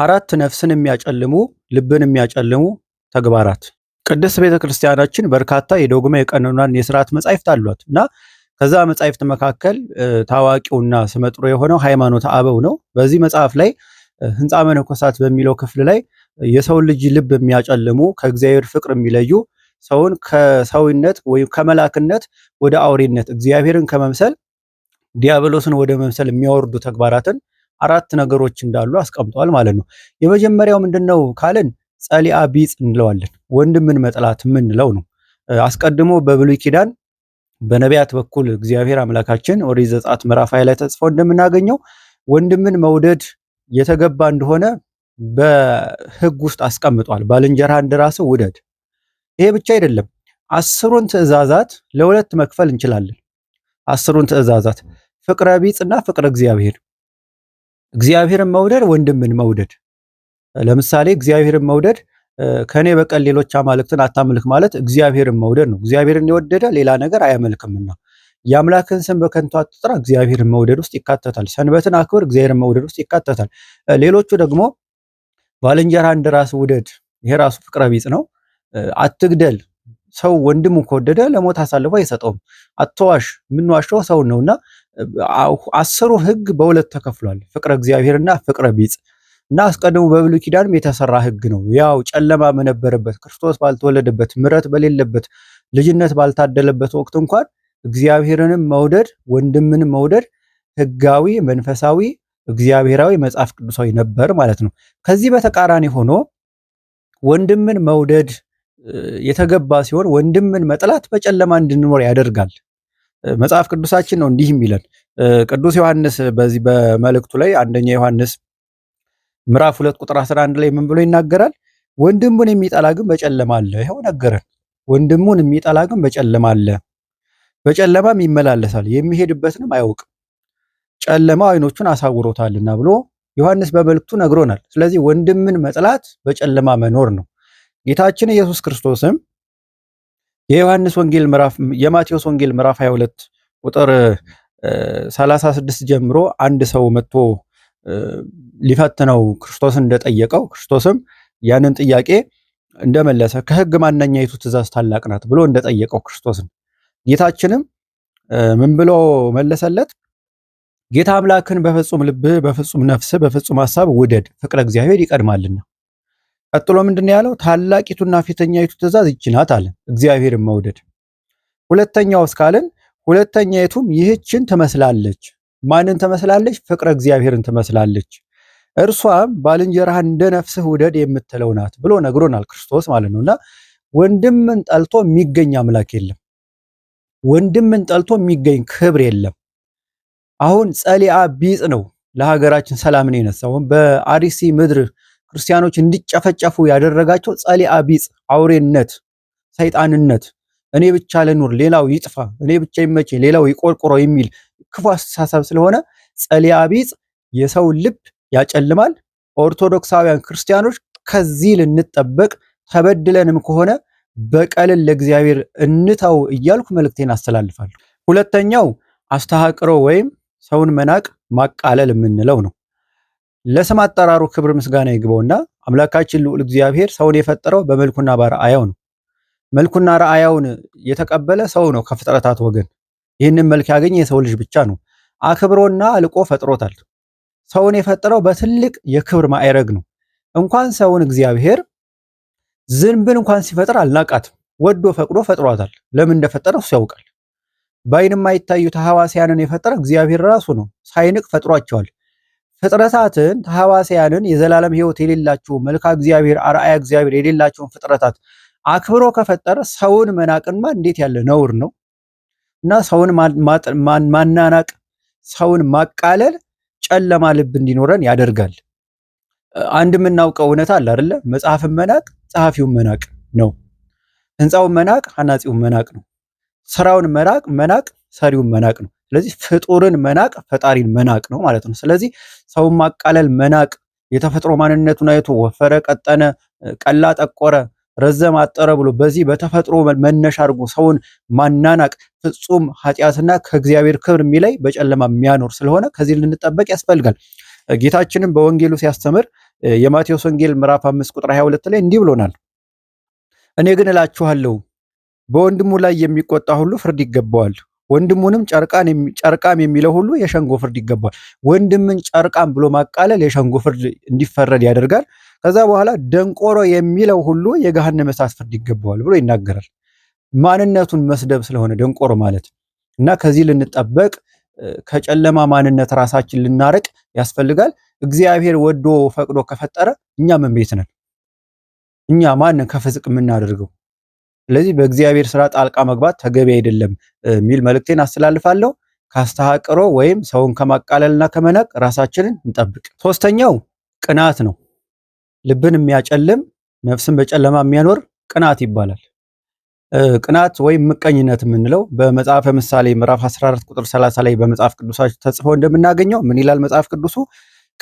አራት ነፍስን የሚያጨልሙ ልብን የሚያጨልሙ ተግባራት። ቅድስት ቤተ ክርስቲያናችን በርካታ የዶግማ የቀኖናን የስርዓት መጻሕፍት አሏት እና ከዛ መጻሕፍት መካከል ታዋቂውና ስመጥሮ የሆነው ሃይማኖተ አበው ነው። በዚህ መጽሐፍ ላይ ሕንፃ መነኮሳት በሚለው ክፍል ላይ የሰውን ልጅ ልብ የሚያጨልሙ ከእግዚአብሔር ፍቅር የሚለዩ ሰውን ከሰውነት ወይም ከመላክነት ወደ አውሬነት እግዚአብሔርን ከመምሰል ዲያብሎስን ወደ መምሰል የሚያወርዱ ተግባራትን አራት ነገሮች እንዳሉ አስቀምጧል ማለት ነው። የመጀመሪያው ምንድነው ካልን ጸሊአ ቢጽ እንለዋለን። ወንድምን መጥላት የምንለው ነው። አስቀድሞ በብሉይ ኪዳን በነቢያት በኩል እግዚአብሔር አምላካችን ኦሪት ዘጸአት ምዕራፍ ሃያ ላይ ተጽፎ እንደምናገኘው ወንድምን መውደድ የተገባ እንደሆነ በሕግ ውስጥ አስቀምጧል። ባልንጀራ እንደ ራስህ ውደድ። ይሄ ብቻ አይደለም። አስሩን ትእዛዛት ለሁለት መክፈል እንችላለን። አስሩን ትእዛዛት ፍቅረ ቢጽና ፍቅረ እግዚአብሔር እግዚአብሔርን መውደድ ወንድምን መውደድ። ለምሳሌ እግዚአብሔርን መውደድ ከኔ በቀል ሌሎች አማልክትን አታምልክ ማለት እግዚአብሔርን መውደድ ነው። እግዚአብሔርን የወደደ ሌላ ነገር አያመልክምና የአምላክን ስም በከንቱ አትጥራ እግዚአብሔርን መውደድ ውስጥ ይካተታል። ሰንበትን አክብር እግዚአብሔርን መውደድ ውስጥ ይካተታል። ሌሎቹ ደግሞ ባልንጀራህን እንደ ራስህ ውደድ፣ ይሄ ራሱ ፍቅረ ቢጽ ነው። አትግደል፣ ሰው ወንድሙ ከወደደ ለሞት አሳልፎ አይሰጠውም። አትዋሽ፣ የምንዋሸው ሰውን ነውና አስሩ ህግ በሁለት ተከፍሏል፣ ፍቅረ እግዚአብሔርና ፍቅረ ቢጽ እና አስቀድሞ በብሉይ ኪዳንም የተሰራ ህግ ነው። ያው ጨለማ በነበረበት ክርስቶስ ባልተወለደበት ምረት በሌለበት ልጅነት ባልታደለበት ወቅት እንኳን እግዚአብሔርንም መውደድ ወንድምንም መውደድ ህጋዊ፣ መንፈሳዊ፣ እግዚአብሔራዊ፣ መጽሐፍ ቅዱሳዊ ነበር ማለት ነው። ከዚህ በተቃራኒ ሆኖ ወንድምን መውደድ የተገባ ሲሆን ወንድምን መጥላት በጨለማ እንድንኖር ያደርጋል። መጽሐፍ ቅዱሳችን ነው እንዲህ የሚለን። ቅዱስ ዮሐንስ በዚህ በመልእክቱ ላይ አንደኛ ዮሐንስ ምዕራፍ ሁለት ቁጥር 11 ላይ ምን ብሎ ይናገራል? ወንድሙን የሚጠላ ግን በጨለማ አለ። ይኸው ነገረን። ወንድሙን የሚጠላ ግን በጨለማ አለ፣ በጨለማም ይመላለሳል የሚሄድበትንም አያውቅም፣ ጨለማ አይኖቹን አሳውሮታልና ብሎ ዮሐንስ በመልእክቱ ነግሮናል። ስለዚህ ወንድምን መጥላት በጨለማ መኖር ነው። ጌታችን ኢየሱስ ክርስቶስም የዮሐንስ ወንጌል ምዕራፍ የማቴዎስ ወንጌል ምዕራፍ 22 ቁጥር 36 ጀምሮ አንድ ሰው መጥቶ ሊፈትነው ክርስቶስን እንደጠየቀው ክርስቶስም ያንን ጥያቄ እንደመለሰ ከሕግ ማንኛይቱ ትእዛዝ ታላቅ ናት ብሎ እንደጠየቀው ክርስቶስን ጌታችንም ምን ብሎ መለሰለት? ጌታ አምላክን በፍጹም ልብህ፣ በፍጹም ነፍስህ፣ በፍጹም ሐሳብ ውደድ፣ ፍቅረ እግዚአብሔር ይቀድማልና ቀጥሎ ምንድን ያለው? ታላቂቱና ፊተኛይቱ ትእዛዝ ይህች ናት አለ፣ እግዚአብሔርን መውደድ። ሁለተኛውስ ካልን ሁለተኛይቱም ይህችን ትመስላለች። ማንን ትመስላለች? ፍቅረ እግዚአብሔርን ትመስላለች። እርሷም ባልንጀራህን እንደ ነፍስህ ውደድ የምትለው ናት ብሎ ነግሮናል ክርስቶስ ማለት ነው። እና ወንድምን ጠልቶ የሚገኝ አምላክ የለም። ወንድምን ጠልቶ የሚገኝ ክብር የለም። አሁን ጸሊአ ቢጽ ነው ለሀገራችን ሰላምን የነሳውን በአርሲ ምድር ክርስቲያኖች እንዲጨፈጨፉ ያደረጋቸው ጸሌ አቢጽ አውሬነት፣ ሰይጣንነት፣ እኔ ብቻ ልኑር፣ ሌላው ይጥፋ፣ እኔ ብቻ ይመቼ፣ ሌላው ይቆርቆሮ የሚል ክፉ አስተሳሰብ ስለሆነ ጸሌ አቢጽ የሰው ልብ ያጨልማል። ኦርቶዶክሳውያን ክርስቲያኖች ከዚህ ልንጠበቅ ተበድለንም ከሆነ በቀልን ለእግዚአብሔር እንተው እያልኩ መልእክቴን አስተላልፋለሁ። ሁለተኛው አስተሃቅሮ ወይም ሰውን መናቅ ማቃለል የምንለው ነው። ለስም አጠራሩ ክብር ምስጋና ይግባውና አምላካችን ልዑል እግዚአብሔር ሰውን የፈጠረው በመልኩና በረአያው ነው። መልኩና ረአያውን የተቀበለ ሰው ነው ከፍጥረታት ወገን። ይህንን መልክ ያገኘ የሰው ልጅ ብቻ ነው። አክብሮና አልቆ ፈጥሮታል። ሰውን የፈጠረው በትልቅ የክብር ማዕረግ ነው። እንኳን ሰውን እግዚአብሔር ዝንብን እንኳን ሲፈጥር አልናቃትም። ወዶ ፈቅዶ ፈጥሯታል። ለምን እንደፈጠረ እሱ ያውቃል። በዓይን የማይታዩት ሐዋስያንን የፈጠረ እግዚአብሔር ራሱ ነው። ሳይንቅ ፈጥሯቸዋል። ፍጥረታትን ተሐዋስያንን የዘላለም ሕይወት የሌላቸው መልካ እግዚአብሔር አርአያ እግዚአብሔር የሌላቸውን ፍጥረታት አክብሮ ከፈጠረ ሰውን መናቅንማ እንዴት ያለ ነውር ነው እና ሰውን ማናናቅ ሰውን ማቃለል ጨለማ ልብ እንዲኖረን ያደርጋል። አንድ የምናውቀው እውነት አለ አይደለ? መጽሐፍን መናቅ ጸሐፊውን መናቅ ነው። ህንፃውን መናቅ አናጺውን መናቅ ነው። ስራውን መናቅ መናቅ ሰሪውን መናቅ ነው። ስለዚህ ፍጡርን መናቅ ፈጣሪን መናቅ ነው ማለት ነው። ስለዚህ ሰውን ማቃለል መናቅ፣ የተፈጥሮ ማንነቱን አይቶ ወፈረ፣ ቀጠነ፣ ቀላ፣ ጠቆረ፣ ረዘም፣ አጠረ ብሎ በዚህ በተፈጥሮ መነሻ አድርጎ ሰውን ማናናቅ ፍጹም ኃጢአትና ከእግዚአብሔር ክብር የሚለይ በጨለማ የሚያኖር ስለሆነ ከዚህ ልንጠበቅ ያስፈልጋል። ጌታችንም በወንጌሉ ሲያስተምር የማቴዎስ ወንጌል ምዕራፍ 5 ቁጥር 22 ላይ እንዲህ ብሎናል፣ እኔ ግን እላችኋለሁ በወንድሙ ላይ የሚቆጣ ሁሉ ፍርድ ይገባዋል። ወንድሙንም ጨርቃን ጨርቃም የሚለው ሁሉ የሸንጎ ፍርድ ይገባል። ወንድምን ጨርቃም ብሎ ማቃለል የሸንጎ ፍርድ እንዲፈረድ ያደርጋል። ከዛ በኋላ ደንቆሮ የሚለው ሁሉ የገሃነመ እሳት ፍርድ ይገባዋል ብሎ ይናገራል። ማንነቱን መስደብ ስለሆነ ደንቆሮ ማለት እና ከዚህ ልንጠበቅ ከጨለማ ማንነት ራሳችን ልናርቅ ያስፈልጋል። እግዚአብሔር ወዶ ፈቅዶ ከፈጠረ እኛ ምን ቤት ነን? እኛ ማንን ከፍዝቅ የምናደርገው ስለዚህ በእግዚአብሔር ስራ ጣልቃ መግባት ተገቢ አይደለም የሚል መልእክቴን አስተላልፋለሁ። ካስተሃቅሮ ወይም ሰውን ከማቃለልና ከመናቅ ራሳችንን እንጠብቅ። ሶስተኛው ቅናት ነው። ልብን የሚያጨልም ነፍስን በጨለማ የሚያኖር ቅናት ይባላል። ቅናት ወይም ምቀኝነት የምንለው በመጽሐፈ ምሳሌ ምዕራፍ 14 ቁጥር 30 ላይ በመጽሐፍ ቅዱሳች ተጽፎ እንደምናገኘው ምን ይላል መጽሐፍ ቅዱሱ?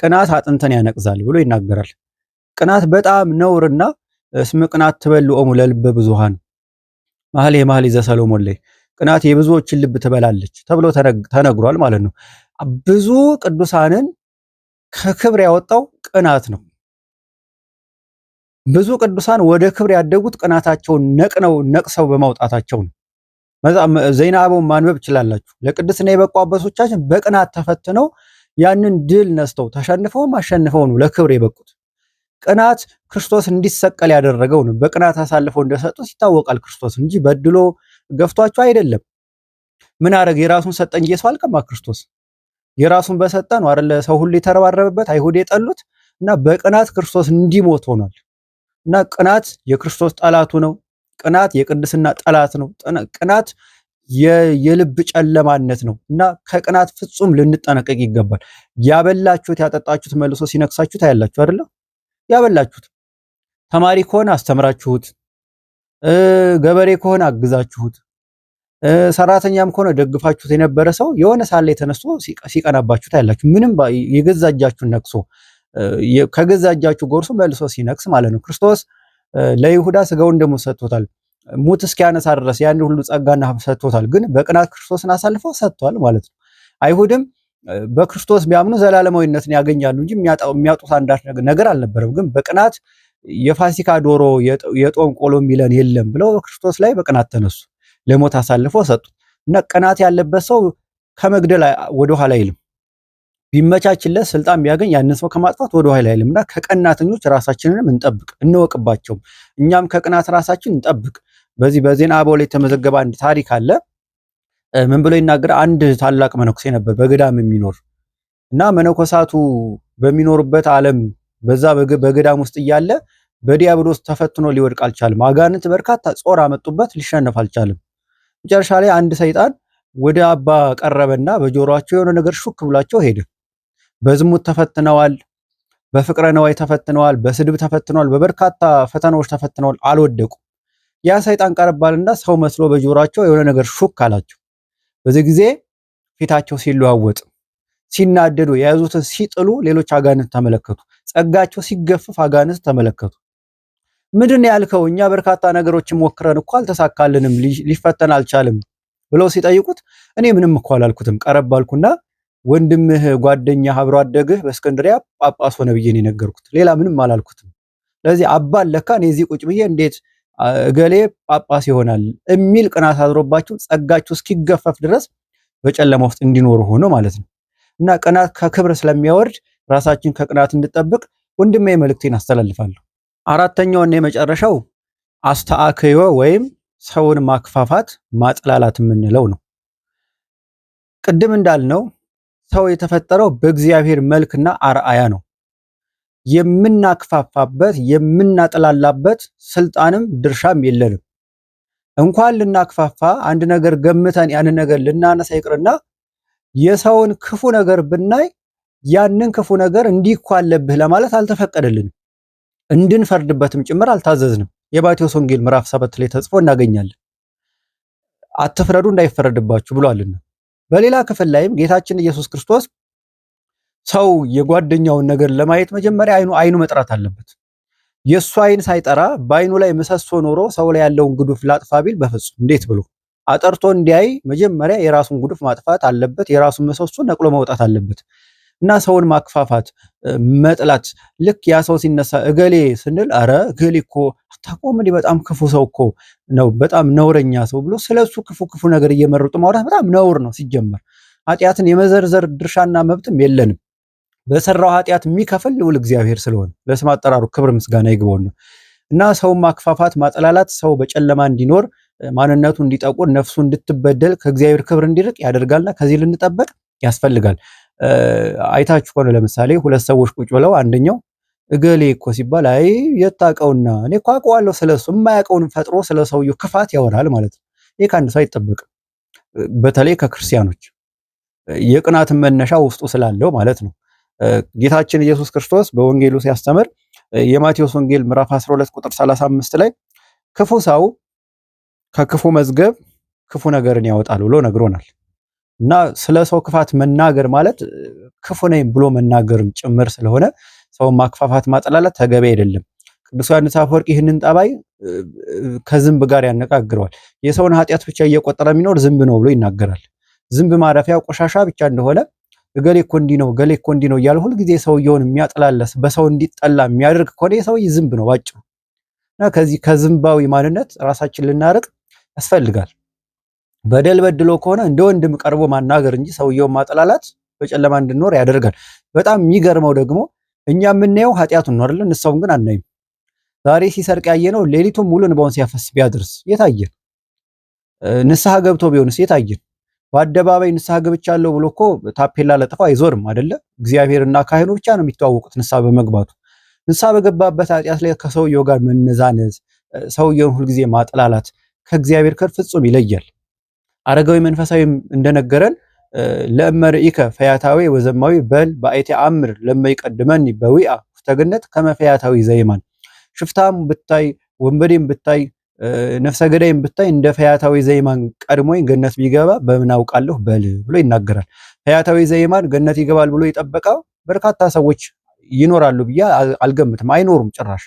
ቅናት አጥንተን ያነቅዛል ብሎ ይናገራል። ቅናት በጣም ነውርና እስመ ቅናት ትበልዖሙ ለልበ ብዙሃን መኃልየ መኃልይ ዘሰሎሞን ላይ ቅናት የብዙዎችን ልብ ትበላለች ተብሎ ተነግሯል ማለት ነው። ብዙ ቅዱሳንን ከክብር ያወጣው ቅናት ነው። ብዙ ቅዱሳን ወደ ክብር ያደጉት ቅናታቸውን ነቅነው ነቅሰው በማውጣታቸው ነው። ዜና አበውን ማንበብ ይችላላችሁ። ለቅድስና የበቁ አባቶቻችን በቅናት ተፈትነው ያንን ድል ነስተው ተሸንፈውም አሸንፈው ነው ለክብር የበቁት። ቅናት ክርስቶስ እንዲሰቀል ያደረገው ነው። በቅናት አሳልፈው እንደሰጡት ይታወቃል። ክርስቶስ እንጂ በድሎ ገፍቷቸው አይደለም። ምን አረግ የራሱን ሰጠ እንጂ የሰው አልቀማ። ክርስቶስ የራሱን በሰጠ ነው አይደለ? ሰው ሁሉ የተረባረበበት አይሁድ የጠሉት እና በቅናት ክርስቶስ እንዲሞት ሆኗል። እና ቅናት የክርስቶስ ጠላቱ ነው። ቅናት የቅድስና ጠላት ነው። ቅናት የልብ ጨለማነት ነው እና ከቅናት ፍጹም ልንጠነቀቅ ይገባል። ያበላችሁት ያጠጣችሁት መልሶ ሲነክሳችሁ ታያላችሁ አይደለም? ያበላችሁት። ተማሪ ከሆነ አስተምራችሁት፣ ገበሬ ከሆነ አግዛችሁት፣ ሰራተኛም ከሆነ ደግፋችሁት የነበረ ሰው የሆነ ሳለ ላይ ተነስቶ ሲቀናባችሁት ያላችሁ ምንም የገዛ እጃችሁን ነቅሶ ከገዛ እጃችሁ ጎርሶ መልሶ ሲነቅስ ማለት ነው። ክርስቶስ ለይሁዳ ስጋውን ደግሞ ሰጥቶታል። ሙት እስኪያነሳ ድረስ ያን ሁሉ ጸጋና ሰጥቶታል። ግን በቅናት ክርስቶስን አሳልፎ ሰጥቷል ማለት ነው። አይሁድም በክርስቶስ ቢያምኑ ዘላለማዊነትን ያገኛሉ እንጂ የሚያጡት አንዳች ነገር አልነበረም። ግን በቅናት የፋሲካ ዶሮ የጦም ቆሎ የሚለን የለም ብለው ክርስቶስ ላይ በቅናት ተነሱ፣ ለሞት አሳልፈው ሰጡት። እና ቅናት ያለበት ሰው ከመግደል ወደኋላ አይልም። ቢመቻችለት ስልጣን ቢያገኝ ያንን ሰው ከማጥፋት ወደኋላ አይልም። እና ከቀናተኞች ራሳችንንም እንጠብቅ፣ እንወቅባቸውም። እኛም ከቅናት ራሳችን እንጠብቅ። በዚህ በዜና አበው ላይ የተመዘገበ አንድ ታሪክ አለ። ምን ብሎ ይናገር? አንድ ታላቅ መነኩሴ ነበር በገዳም የሚኖር እና መነኮሳቱ በሚኖሩበት ዓለም በዛ በገዳም ውስጥ እያለ በዲያብሎስ ተፈትኖ ሊወድቅ አልቻለም። አጋንንት በርካታ ጾር አመጡበት፣ ሊሸነፍ አልቻለም። መጨረሻ ላይ አንድ ሰይጣን ወደ አባ ቀረበና በጆሮቸው የሆነ ነገር ሹክ ብሏቸው ሄደ። በዝሙት ተፈትነዋል፣ በፍቅረ ነዋይ ተፈትነዋል፣ በስድብ ተፈትነዋል፣ በበርካታ ፈተናዎች ተፈትነዋል፣ አልወደቁም። ያ ሰይጣን ቀረባልና ሰው መስሎ በጆሮቸው የሆነ ነገር ሹክ አላቸው። በዚህ ጊዜ ፊታቸው ሲለዋወጥ ሲናደዱ የያዙትን ሲጥሉ ሌሎች አጋንንት ተመለከቱ። ጸጋቸው ሲገፍፍ አጋንንት ተመለከቱ። ምንድን ያልከው? እኛ በርካታ ነገሮችን ሞክረን እኮ አልተሳካልንም፣ ሊፈተን አልቻልም ብለው ሲጠይቁት እኔ ምንም እኮ አላልኩትም፣ ቀረብ አልኩና ወንድምህ ጓደኛ አብሮ አደግህ በእስክንድሪያ ጳጳስ ሆነ ብዬ ነው የነገርኩት። ሌላ ምንም አላልኩትም። ስለዚህ አባል ለካ እኔ እዚህ ቁጭ ብዬ እንዴት እገሌ ጳጳስ ይሆናል የሚል ቅናት አድሮባችሁ ጸጋችሁ እስኪገፈፍ ድረስ በጨለማ ውስጥ እንዲኖሩ ሆኖ ማለት ነው። እና ቅናት ከክብር ስለሚያወርድ ራሳችን ከቅናት እንድጠብቅ ወንድሜ መልእክቴን አስተላልፋለሁ። አራተኛውና የመጨረሻው አስተአክዮ ወይም ሰውን ማክፋፋት ማጥላላት የምንለው ነው። ቅድም እንዳልነው ሰው የተፈጠረው በእግዚአብሔር መልክና አርአያ ነው። የምናክፋፋበት የምናጥላላበት ስልጣንም ድርሻም የለንም። እንኳን ልናክፋፋ አንድ ነገር ገምተን ያንን ነገር ልናነሳ ይቅርና የሰውን ክፉ ነገር ብናይ ያንን ክፉ ነገር እንዲህ እኮ አለብህ ለማለት አልተፈቀደልንም። እንድንፈርድበትም ጭምር አልታዘዝንም። የማቴዎስ ወንጌል ምዕራፍ ሰባት ላይ ተጽፎ እናገኛለን። አትፍረዱ እንዳይፈረድባችሁ ብሏልና። በሌላ ክፍል ላይም ጌታችን ኢየሱስ ክርስቶስ ሰው የጓደኛውን ነገር ለማየት መጀመሪያ አይኑ አይኑ መጥራት አለበት። የእሱ አይን ሳይጠራ በአይኑ ላይ ምሰሶ ኖሮ ሰው ላይ ያለውን ግዱፍ ላጥፋ ቢል በፍጹም እንዴት ብሎ አጠርቶ እንዲያይ መጀመሪያ የራሱን ጉድፍ ማጥፋት አለበት። የራሱን ምሰሶ ነቅሎ መውጣት አለበት። እና ሰውን ማክፋፋት፣ መጥላት ልክ ያ ሰው ሲነሳ እገሌ ስንል አረ እገሌ እኮ አታውቀውም እንዲህ በጣም ክፉ ሰው እኮ ነው፣ በጣም ነውረኛ ሰው ብሎ ስለሱ ክፉ ክፉ ነገር እየመረጡ ማውራት በጣም ነውር ነው። ሲጀመር ኃጢአትን የመዘርዘር ድርሻና መብትም የለንም። በሰራው ኃጢአት የሚከፍል ልውል እግዚአብሔር ስለሆነ ለስም አጠራሩ ክብር ምስጋና ይግባውና እና ሰውን ማክፋፋት፣ ማጠላላት ሰው በጨለማ እንዲኖር ማንነቱ እንዲጠቁር ነፍሱ እንድትበደል ከእግዚአብሔር ክብር እንዲርቅ ያደርጋልና ከዚህ ልንጠበቅ ያስፈልጋል። አይታችሁ ከሆነ ለምሳሌ ሁለት ሰዎች ቁጭ ብለው አንደኛው እገሌ እኮ ሲባል አይ የታውቀውና እኔ እኮ አውቀዋለሁ ስለሱ የማያውቀውን ፈጥሮ ስለ ሰውየው ክፋት ያወራል ማለት ነው። ይህ ከአንድ ሰው አይጠበቅም። በተለይ ከክርስቲያኖች የቅናትን መነሻ ውስጡ ስላለው ማለት ነው። ጌታችን ኢየሱስ ክርስቶስ በወንጌሉ ሲያስተምር የማቴዎስ ወንጌል ምዕራፍ 12 ቁጥር 35 ላይ ክፉ ሰው ከክፉ መዝገብ ክፉ ነገርን ያወጣል ብሎ ነግሮናል። እና ስለ ሰው ክፋት መናገር ማለት ክፉ ነኝ ብሎ መናገርም ጭምር ስለሆነ ሰውን ማክፋፋት፣ ማጠላላት ተገቢ አይደለም። ቅዱስ ዮሐንስ አፈወርቅ ይህንን ጠባይ ከዝንብ ጋር ያነጋግረዋል። የሰውን ኃጢአት ብቻ እየቆጠረ የሚኖር ዝንብ ነው ብሎ ይናገራል። ዝንብ ማረፊያ ቆሻሻ ብቻ እንደሆነ እገሌ እኮ እንዲህ ነው እገሌ እኮ እንዲህ ነው እያለ ሁልጊዜ ሰውየውን የሚያጠላለስ በሰው እንዲጠላ የሚያደርግ ከሆነ የሰውዬ ዝንብ ነው ባጭሩ። እና ከዚህ ከዝንባዊ ማንነት ራሳችን ልናርቅ ያስፈልጋል። በደል በድሎ ከሆነ እንደ ወንድም ቀርቦ ማናገር እንጂ ሰውየውን ማጠላላት በጨለማ እንድንኖር ያደርጋል። በጣም የሚገርመው ደግሞ እኛ የምናየው ኃጢአቱን ነው አይደል? ግን አናይም። ዛሬ ሲሰርቅ ያየነው ሌሊቱን ሙሉ እንባውን ሲያፈስ ቢያድርስ የታየን? ንስሐ ገብቶ ቢሆንስ የታየን? በአደባባይ ንስሐ ገብቻለሁ ብሎ እኮ ታፔላ ለጥፎ አይዞርም አይደለ? እግዚአብሔርና ካህኑ ብቻ ነው የሚተዋወቁት ንስሐ በመግባቱ። ንስሐ በገባበት ኃጢአት ላይ ከሰውየው ጋር መነዛነዝ፣ ሰውየውን ሁልጊዜ ማጥላላት ከእግዚአብሔር ከር ፍጹም ይለያል። አረጋዊ መንፈሳዊም እንደነገረን ለእመርኢከ ፈያታዊ ወዘማዊ በል በአይቴ አምር ለማይቀድመን በዊአ ፍተግነት ከመፈያታዊ ዘይማን ሽፍታም ብታይ ወንበዴም ብታይ ነፍሰ ገዳይም ብታይ እንደ ፈያታዊ ዘይማን ቀድሞኝ ገነት ቢገባ በምን አውቃለሁ በል ብሎ ይናገራል። ፈያታዊ ዘይማን ገነት ይገባል ብሎ የጠበቀው በርካታ ሰዎች ይኖራሉ ብዬ አልገምትም። አይኖሩም ጭራሽ።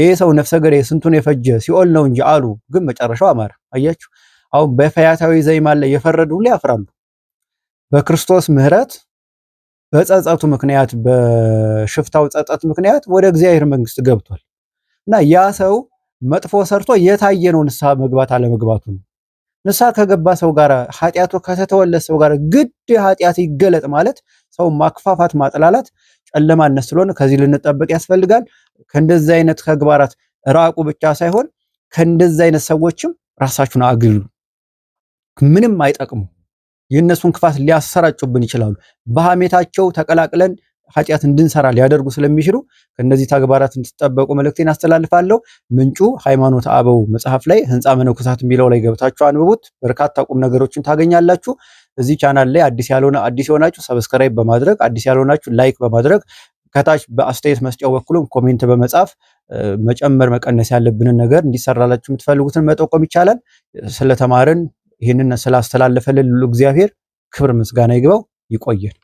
ይህ ሰው ነፍሰ ገዳይ ስንቱን የፈጀ ሲኦል ነው እንጂ አሉ። ግን መጨረሻው አማረ። አያችሁ፣ አሁን በፈያታዊ ዘይማን ላይ የፈረዱ ሁሉ ያፍራሉ። በክርስቶስ ምሕረት በጸጸቱ ምክንያት በሽፍታው ጸጸት ምክንያት ወደ እግዚአብሔር መንግስት ገብቷል እና ያ ሰው መጥፎ ሰርቶ የታየ ነው ንስሐ መግባት አለመግባቱ ነው። ንስሐ ከገባ ሰው ጋር ኃጢአቱ ከተተወለ ሰው ጋር ግድ ኃጢአት ይገለጥ ማለት ሰው ማክፋፋት፣ ማጥላላት፣ ጨለማነት ስለሆነ ከዚህ ልንጠበቅ ያስፈልጋል። ከእንደዚህ አይነት ተግባራት ራቁ ብቻ ሳይሆን ከእንደዚህ አይነት ሰዎችም ራሳችሁን አግሉ። ምንም አይጠቅሙ። የእነሱን ክፋት ሊያሰራጩብን ይችላሉ። በሐሜታቸው ተቀላቅለን ኃጢአት እንድንሰራ ሊያደርጉ ስለሚችሉ ከእነዚህ ተግባራት እንድትጠበቁ መልእክቴን አስተላልፋለሁ። ምንጩ ሃይማኖት አበው መጽሐፍ ላይ ህንፃ መነኮሳት የሚለው ላይ ገብታችሁ አንብቡት። በርካታ ቁም ነገሮችን ታገኛላችሁ። እዚህ ቻናል ላይ አዲስ ያልሆነ አዲስ የሆናችሁ ሰብስክራይብ በማድረግ አዲስ ያልሆናችሁ ላይክ በማድረግ ከታች በአስተያየት መስጫው በኩልም ኮሜንት በመጻፍ መጨመር መቀነስ ያለብንን ነገር እንዲሰራላችሁ የምትፈልጉትን መጠቆም ይቻላል። ስለተማርን ይህንን ስላስተላለፈልን ሉ እግዚአብሔር ክብር ምስጋና ይግባው። ይቆየን።